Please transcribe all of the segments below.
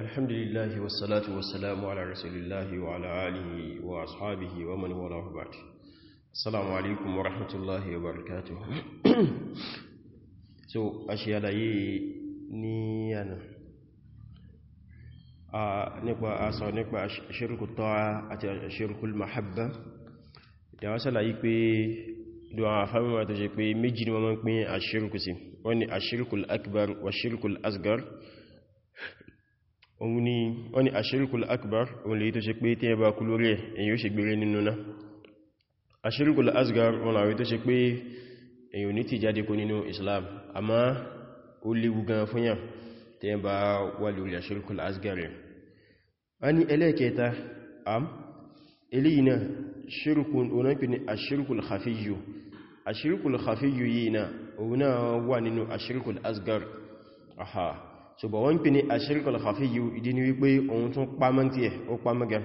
الحمد لله والصلاة والسلام على رسول الله وعلى آله وأصحابه ومن وراءه بعد السلام عليكم ورحمة الله وبركاته so أشياء لي نيانا نقوى أصعب نقوى شرك الطاعة أتى شرك المحبة دعوسا لي دعاء فهمه تجيك مجد ومن كمي أشرك سي واني أشرك الأكبر وشرك الأصغر òun ni wọ́n ni akbar òun lè tó ṣe pé tí ẹ bá kú lórí ẹ̀ èyí ó ṣe gbére nínú náà ashirikul asgar wọn làwọn tó ṣe pé èyí ò ní ti jáde kó nínú islam àmá ó léwu gan fún yàn tí ẹ wà lórí ashirikul asgar rẹ̀ a ní ẹlẹ́ẹ̀kẹta am eléyìí náà shirikun onáńpẹ̀ ni ashirikul khafiyyu ashirikul khafiyyu yìí náà òun náà wà nínú asgar aha ṣùgbọ́n wọ́n pè ní ashirikul khafiyyu ìdí ni wípé ohun tún pamọ́ tí ẹ̀ ó pamọ́ gan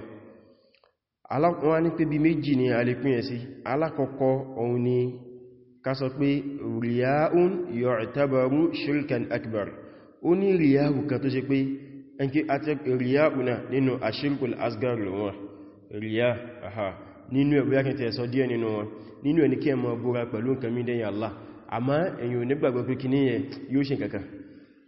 ní pé bí méjì ni a lè pín ẹ̀ sí alákọ̀ọ́kọ́ ohun ni ká pé riyaun yu'tabaru shirkan akbar ó ní riyahu kan tó ṣe pé ẹnkí àti riyauna nínú ashirikul asgar lọ́wọ́ riya aha nínú ẹ̀ bóyá kẹtẹ̀ sọ díẹ̀ nínú wọn nínú ẹ̀ ní kí ẹ mọ́ búra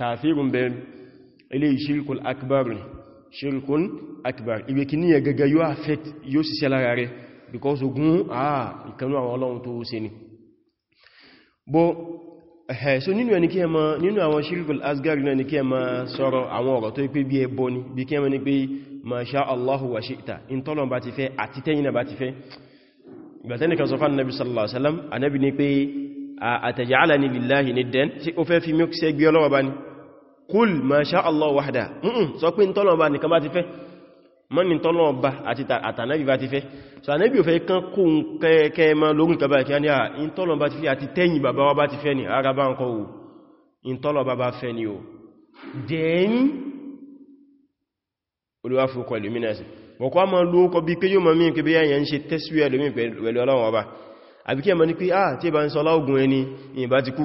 tààfíìrùn bẹ̀rẹ̀ ilé shirkul akbar ni shirkun akbar ìwé kì ní ẹ̀ gẹ́gẹ́ yóò affect yóò síṣẹ́ lára rẹ̀ because ogun àà ah, ìkanú àwọn ọlọ́run tó ṣe ni bó ẹ̀ so nínú ẹni kí ẹmọ nínú àwọn shirkul asgar náà ni kí ẹmọ sọ̀rọ̀ àwọn ọ̀rọ̀ tó pé bí ẹbọ ni bí kí ẹmọ ni pé ma sha Allahu wa shi'ta in tọ́lọ̀ bá ti fẹ́ àti tẹ́yìn bá ti fẹ́ ìgbàtẹ́nìkan sọ fánà nabi sallallahu alaihi wasallam anabi ni pé a ataj'alani billahi niddan tí ó fẹ́ fi mí ṣe ọlọ́wọ́ bá ni kúl ma sha Allah wahda mm sọ pé ntọ́lọ̀ọba nìkan bá ti fẹ́ mọ́ ni tọ́lọ̀ọba àti àtànẹ́bì bá ti fẹ́ so ànẹ́bì ò fẹ́ kán kó ń kẹ́ẹ̀kẹ́ mọ́ lórí kẹba ìkẹ́ ní à ntọ́lọ̀ọba ti fẹ́ àti tẹ́yìn bàbá wa bá ti fẹ́ ni ara bá ń kọ́ o ntọ́lọ̀ọba bá fẹ́ ni o dẹ́n olúwa fún kọ illuminati bọ̀kọ́ a máa lóókọ bí pé yóò mọ́ mí pé yẹn ń ṣe tẹ́síwẹ̀ lómi pẹ̀lú ọlọ́run ọba àbíkẹ́ mọ́ ní pé ah tí ẹ bá ń sọ láògùn ẹni ìyìnbá ti kú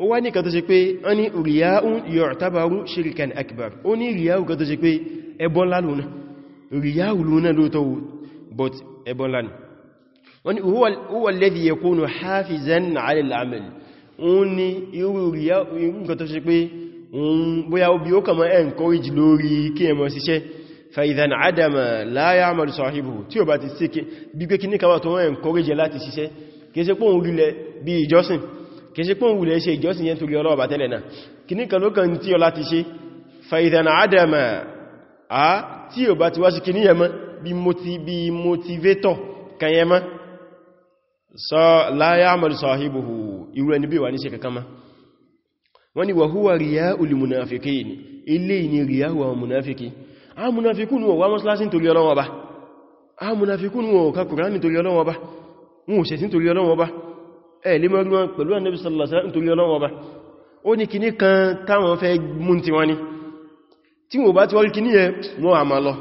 ó wá ní kàtọ́ sí pé ó ní ríyáún yu'tabaru shirkan akbar ó ní ríyáù kàtọ́ sí pé ẹbọ́nlá lónà ríyáù lónà lóòtọ́ but ẹbọ́nlá ni ó ní huwa alladhi yakunu hafizan 'ala al-'amal ó ní irú ríyáù kàtọ́ sí pé bóyá obi ó kàmọ́ encourage lórí kí ẹ mọ́ síṣẹ́ fa idhan 'adama la kìí ṣe pọ́n wùlẹ̀ ṣe ìjọsìn yẹn torí ọlọ́ọ̀bà tẹ́lẹ̀ náà kìní kan ló kàn tí ọ láti ṣe fàìdàn àádẹ́mà a tí ò bá ti wá ṣe kìní yẹmọ́ bí motivator kan yẹmọ́ sọ láyá àmàlù sọ̀hìbòhù irú ẹni bí wà ní ṣe kankanmá wọ́n ni wàhúwà ríyá olùmùnàfikì a mùnàfikún wọn wá mọ́sílásí nítorí ọlọ́wọ́ a mùnàfikún wọn ò ka Kùránì nítorí ọlọ́wọ́ bá wọn ò ẹ̀ lè mọ́ ríwọn pẹ̀lú Ànábì sallallahu alaihi wasallam nítorí Ọlọ́run ọba ó ní kìní kan táwọn fẹ́ mú ti wọ́n ni tí wọ́n bá ti wọ́n kìní yẹn wọ́n àmà lọ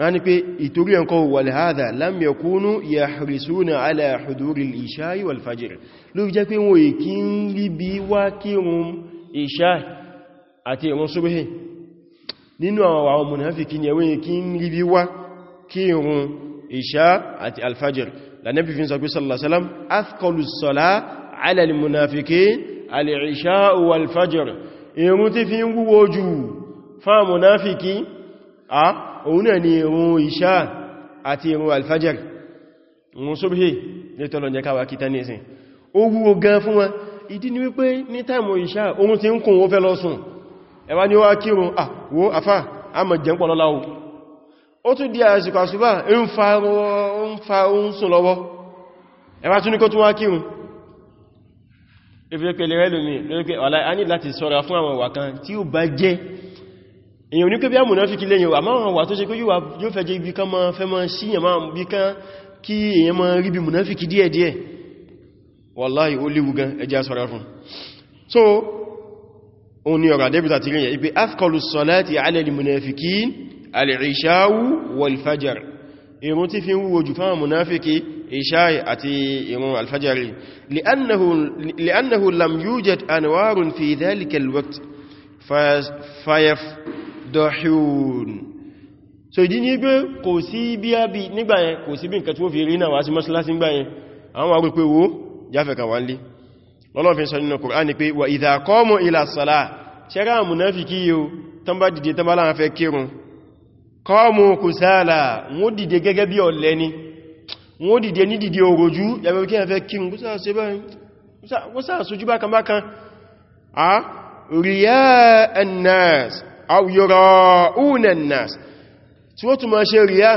rán ni pé ìtorí ẹ̀kọ́ wàlhádà lam yakunu yahrisuna ala huduri al-isha'i wal-fajr ló fi jẹ́ pé wọ́n èkí ń rí bí wá kírun ìṣá àti ìrun súbúhì nínú ni ẹ̀wọ́n èkí ń rí bí wá kírun ìṣá al-fajr lànẹ́bí fi ń sọ pé sallàsálàm athqalu sọ́lá ala al-munafiqin al-isha wal-fajr irun tí fi ń wúwo jù fáà munafiki a òun náà ni irun isha àti irun al-fajr irun subhi nítọ́lọ jẹ́ káwà kíta ní ìsìn ó wúwo gan fún wọn ìdí ni wípé ní táìmù isha òun ti ń kùn ó fẹ́ lọ sùn ẹwà ni ó wá kírun ah wo afá a mọ̀ jẹ́ ń pọ̀ ó tún di àsìkò àṣùbá ń fa oún sùn lọ́wọ́ ẹwà tún ní kó tún wá kírun ìfẹ́ pẹ̀lẹ̀ rẹ̀ lómi lórí ọ̀lá a ní láti sọ́ra fún àwọn ìwà tí ó bá jẹ́ èyàn ní pé bí àmúná fi kí lẹ́yìn wà máa wà tó ṣe pé yóò fẹ́ jẹ́ ibi kan máa fẹ́ máa síyàn máa bí kan kí èyàn máa rí bí múná fi kí díẹ̀díẹ̀ wàláhì ó léwu gan ẹjá sọ́ra fún so òun ni ọ̀rọ̀ débìtà ti rí yẹ ibi afkọlù sọláti alẹ́lì munafiki alìṣáwú wọlfajar irun tí fi ń wúwo jù fáwọn munafiki ìṣáì àti irun alfajari li'annahu lam yujad anwarun fi dhalikal waqt fayaf dohun so ìdí ní pé kò sí bí a bí nígbàyẹn kò sí bí nǹkan tí ó fi rí náà wá sí mọ́sálásí nígbàyẹn àwọn agbègbè jáfẹ́ kan wá lé lọ́lọ́fin sọ nínú Kùránì pé wà idha qamu ila salah ṣẹ́rá mùnáfikí yíò tán bá dìde tán bá láàá fẹ́ kírun qamu kusala wọ́n dìde gẹ́gẹ́ bí ọ̀lẹ ni wọ́n dìde ní dìde òròjú yàbẹ̀ kí ẹ̀fẹ́ kírun kúsà sojú bákan riya an-nas aw yura'una an-nas tí wọ́n tún máa ṣe riya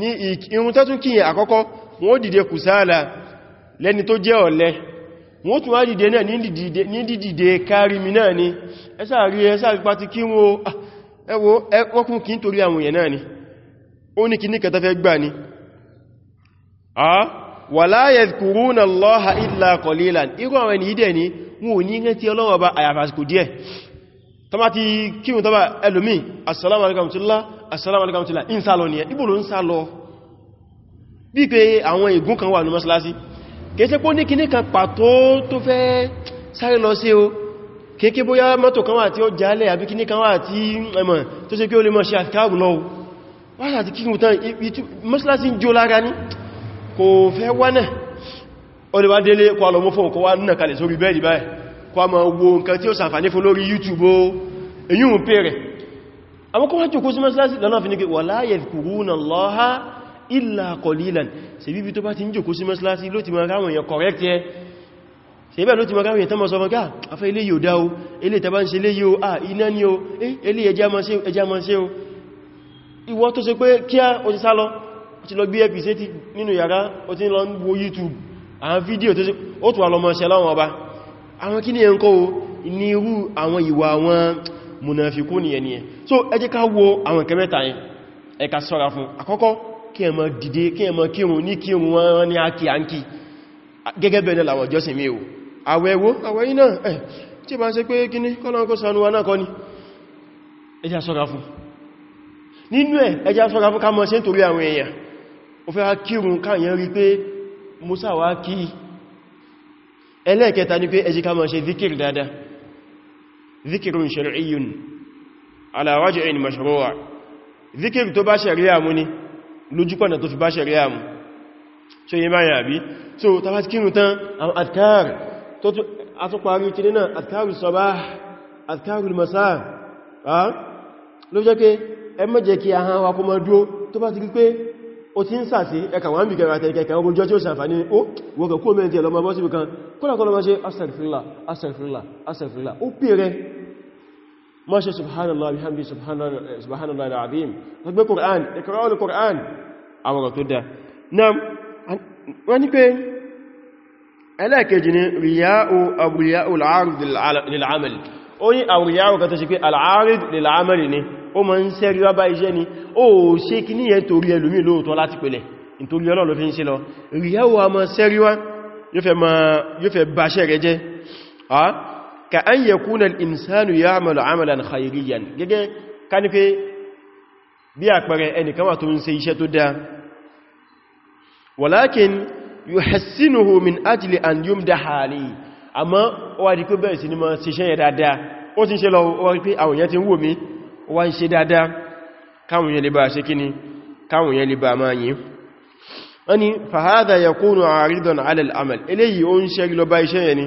ní irun tẹ́tún kíyàn àkọ́kọ́ wọ́n dìde kùsáàlà lẹ́ni tó jẹ́ ọ̀lẹ wọ́n tún wá dìde náà ní dìdìde kárí mi náà ni ẹsà rí ẹsà rí pàtí kí ah, wọ́n ẹwọ́ ẹwọ́kún kí n torí àwọn èèyàn náà ni ó ní kí ní kẹta fẹ́ gbà ní a ah, wala yadhkuruna Allaha illa qalilan irú ni wọn ò ní rántí Ọlọ́run bá àyàfàsíkò díẹ̀ tọ́má ti kí wọn tọ́bá ẹlòmí assalamu alaikum tila ni ẹ ibùlò ń kéèsẹ́ pó ní kìní kan pàtó tó fẹ́ sáré lọ sí o kéèké bóyá mọ́tò kan wà tí ó jálẹ̀ àbí kìní kan wà tí ẹmọ̀ tó ṣe kí o lè mọ́ ṣe àfikáàrù lọ wáṣà ti kírùn tán mọ́sílásí ń jó lára ní kò fẹ́ wánà ó lè wá délé kó alọ́mọ́ fún ọkọ̀ wá nà kalẹ̀ sórí a máa wo nǹkan tí ó sàǹfàní fún lórí o èyí ń pè rẹ̀ àwọn kó wájú kó sí mọ́sílásí lọ́nà fi ní wala illa qalilan ṣe bíbí tó bá ti ń jòkó sí mọ́sílásí ló ti máa ráwọn èèyàn correct ẹ ṣe bẹ́ẹ̀ ló ti máa ráwọn èèyàn tán máa sọ fún ká ah, afẹ́ ilé yóò dá o ilé tàbá ń ṣe ilé yóò à iná ní o ilé eh, ẹjá máa ṣe o ìwọ tó ṣe pé kí á o ti sálọ o ti lọ gbé ẹ̀pì sí nínú yàrá o ti lọ wo youtube àwọn fídíò tó ṣe ó tún àlọmọ ṣe láwọn ọba àwọn kí ni ẹ ń kọ́ o ní irú àwọn ìwà àwọn munafikú ni ẹni ẹ so ẹ jẹ́ ká wo àwọn kẹmẹ́ta yẹn ẹ ká ṣọ́ra fún àkọ́kọ́ kí ẹ máa dìde kí ẹ máa kírun ní kírun wọn ní àkí àǹkí gẹ́gẹ́ bẹ̀rẹ̀ làwọn ìjọsìn mi o àwẹ̀ wo àwẹ̀ iná ẹ̀ eh, tí bá ń ṣe pé kíní kọ́lọ́nkọ́ sanu wa náà ẹlẹ́ẹ̀kẹta ni pé ẹjí ká ṣe zikir dáadáa zikirun shari'iyyun ala waj'in mashru'a zikir tó bá shari'a mu ni lójúpọ̀nà tó fi bá ṣẹ̀rí àmù ṣe yí máa yàbí so tàbí kínú tán àwọn àtkáàrì tó àtúparí kìdí náà àtkáàrì sọba àtkáàrì masá ló jẹ́ pé ẹ má jẹ́ kí ahán wa kó mọ́ dúó tó bá ti rí pé ó ti ń sàtí ẹka wọ́n bí kẹrẹ àtẹ́kẹ̀kẹ́ ogun jọ bí kan ما شاء سبحان الله بحمده سبحان سبحان الله العظيم gbé Qur'an اقرأوا القرآن àwọn tó dá nam wọ́n ní pé ẹlẹ́kejì ni riya'u awriya'u al-arid lil-amal ó ní awriya'u kan tó ṣe pé al-arid lil-amal ni ó ma ń sẹ́rí wá bá iṣẹ́ ni ó ṣe kí ní yẹn torí ẹlòmí lóòtọ́ láti pẹ̀lẹ̀ nítorí ọlọ́lọ́ ka an yakuna al-insanu ya'malu 'amalan khayriyan gẹ́gẹ́ kanife bí àpẹẹrẹ ẹnìkan wà tó ń ṣe iṣẹ́ tó dáa walakin yuhassinuhu min ajli an yumdaha alayhi àmọ́ ó wá di pé bẹ́ẹ̀ sí ni máa ṣe iṣẹ́ yẹn dáadáa ó ti ṣe lọ ó wá ti ń wò mí ó ń ṣe dáadáa káwọn èèyàn lè bá ṣe kíni káwọn èèyàn lè bá máa yìn wọ́n ni fa hadha yakunu 'aridan 'ala eléyìí ó ń ṣẹ́rí lọ bá iṣẹ́ yẹn ni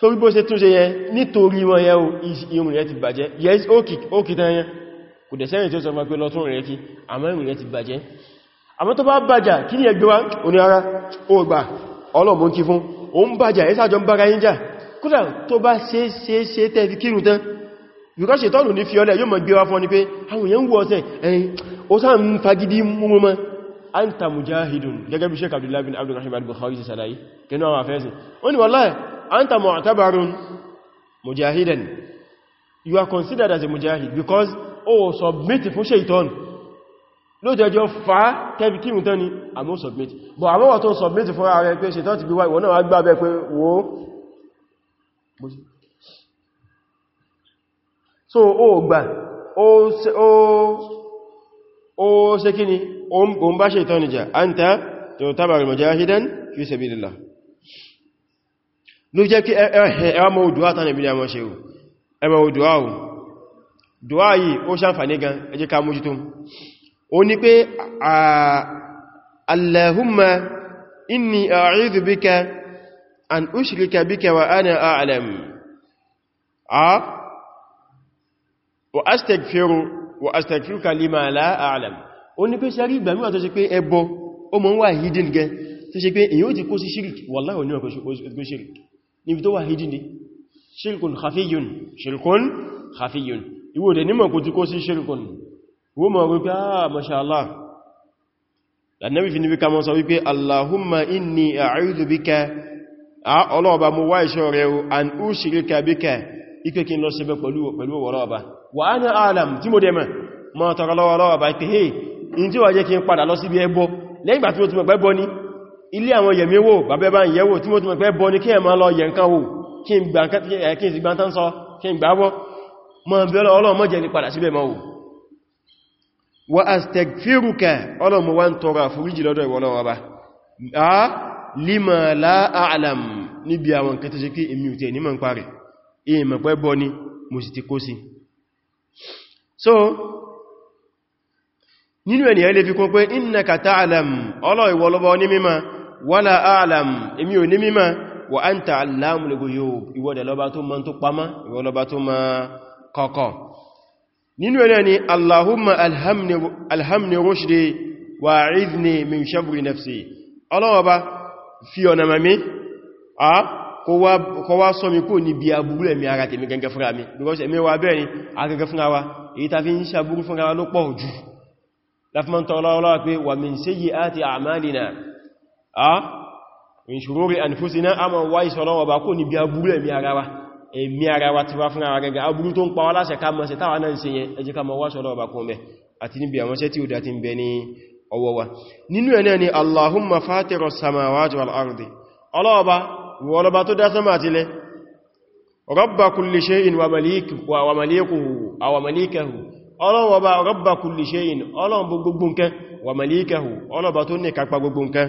so wípé ó ṣe tún yẹ nítorí wọn yẹ irun rẹ̀ ti bàjẹ́ yes ó tán yẹn kò dẹ̀ sẹ́yìn tí ó sọ fún pé lọ́tún rẹ̀ kí àmọ́ irun rẹ̀ ti bàjẹ́ àmọ́ tó bá bàjá kí ni ẹgbẹ́ wá oní ara ó gbà ọlọ́mọ kí fún ó ń bàjá ẹ sájọ ń bára yín jà kódà tó bá ṣe ṣe ṣe tẹ́ fi kírun tán yùkọ́ ṣe tọ́lù ní fiọlẹ̀ yóò mọ̀ gbé wá fún ni pé àwọn èèyàn wọ ọ̀sẹ̀ ẹ̀yìn ó sáà ń mujahidun gẹ́gẹ́ bí sheik abdullahi bin abdulrahim al-bukhari ṣe sàlàyé kẹnu àwọn afẹ́sìn anta mu'tabarun mujahidan you are considered as a mujahid because o oh, submit fún shaitan ló jẹjọ fa kẹbi kí mú tán ni àmọ́ submit but àwọn wà tó submit fún ara ẹ pé shaitan ti bí wá ìwọ̀n náà gbá bẹ́ pé wo so o gbà o ṣe kí ni o ń bá shaitan jà anta tó tabar mujahidan fi sabilillah ló jẹ́ kí ẹwàmọ́ òdúwà tánà ìbílẹ̀ àmọ́ ṣe ẹwà òdúwà ò dúwà yìí ó ṣàǹfàní gan ẹ jẹ́ ká mójútó ó ní pé allahumma inni a'udhu bika an ushrika bika wa ana a'lam a wa astaghfiru wa astaghfiruka lima la a'lam ó ní pé sẹ́rí ìgbàmíwà tó ṣe pé ẹbọ ó mọ́ wà hidden gan tó ṣe pé èyí ó ti kó sí shirk wallahi ní ọkọ̀ ṣe níbi tó wà hìdí ni ṣirkun khafiyun ṣirkun khafiyun ìwò dẹ̀ nímọ̀ kò tí kó sí ṣirkun wó mọ̀ wípé ah mashallah lànàbí fi níbi ká mọ́ sọ wípé allahumma inni a'udhu bika a ọlọ́ọ̀bá mo wá ìṣọ́ rẹ̀ o an ushrika bika ipe kí n lọ síbẹ̀ pẹ̀lú ọlọ́ọ̀bá wa ana alam tí mo dẹ̀ mọ̀ mọ́ tọrọ lọ́wọ́ hey in tí wà jẹ́ kí n padà lọ síbi ẹbọ lẹ́yìn gbà tí ó ti mọ̀ pẹ́bọ ni ilé àwọn yẹ̀míwò bàbẹ́ bá ń yẹ̀wò tí mo ti mọ̀ pé bọ́ ní kí ẹ máa lọ yẹ̀ nǹkan wò kí n gbà tán sọ kí n gbàwọ́ mọ́ bẹ́lọ ọlọ́mọ́ jẹ́ ní padà síbẹ̀ mọ́ wò wa astagfiruka ọlọ́mọ́ wá ń tọrọ àforíjì lọ́dọ̀ ìwọ Ọlọ́run Ọba a lima la a'lam níbi àwọn nǹkan tó ni mo sì ti kó sí so nínú ẹni ẹ lè fi kún pé innaka ta'lam ọlọ́ wala a'lam èmi ò ní mímọ̀ wa anta allamul ghuyub ìwọ dẹ̀ lọ́ba tó mọ̀ tó pamọ́ ìwọ lọ́ba tó mọ̀ kọ̀kọ̀ nínú ẹ̀rẹ́ ni allahumma alhamni alhamni rushdi wa a'idhni min sharri nafsi ọlọ́wọ́ba fi ọ̀nà mami a kọ wá sọ mi kò ní bí aburú ẹ̀mí ara tèmi gẹ́gẹ́ fúnra mi because ẹ̀mí wa bẹ́ẹ̀ ni a gẹ́gẹ́ fúnra wa èyí ta fi ń ṣàbúrú fúnra wa ló pọ̀ jù láfimọ́ntọ́ ọlọ́wọ́ pé wa min sayyi'ati a'malina min shururi anfusina a ma wá ìsọ̀lọ́wọ̀ bá kò ní bí aburú ẹ̀mí ara wa ẹ̀mí ara wa ti wá fún ara gẹ́gẹ́ aburú tó ń pa wá láṣẹ ká mọ́ sí táwà náà sí yẹn ẹjẹ́ ká mọ́ wá sọ́lọ́wọ̀ bá kún bẹ àti níbi àwọn iṣẹ́ tí ó dá ti ń bẹ ní wa nínú ẹ̀nà ni allahumma fatira samawati wal ardi ọlọ́ọba wọlọba tó dá sánmà àti ilẹ̀ rabba kulli shay'in wa malikuhu wa malikahu ọlọ́wọ́ bá rabba kulli shay'in ọlọ́wọ́ gbogbo nǹkan wa malikahu ọlọ́ba tó ní kápá gbogbo nǹkan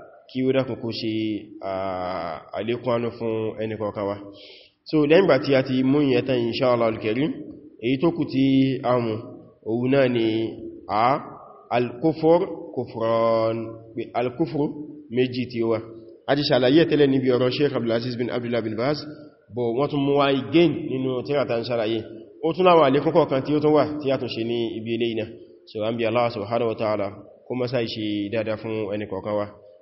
kí ó dákùn kó ṣe àlékún àánú fún ẹni kọ̀ọ̀kan wa so lẹ́yìn gbà tí a ti mú ìyẹta insha Allah al èyí tó kù tí a òun náà ni a al-kufur kufran pé al-kufru méjì tí ó wà a ti ṣàlàyé tẹ́lẹ̀ níbi ọ̀rọ̀ sheikh abdulaziz bin abdullah bin baz bọ̀ wọ́n tún mú wá igéìn nínú tírata ń ṣàlàyé ó tún láwọn àlékún kọ̀ọ̀kan tí ó tún wà tí a tún ṣe ní ibi ilé iná so an bí Allah subhanahu wa ta'ala kó masa ṣe dáadáa fún ẹni wa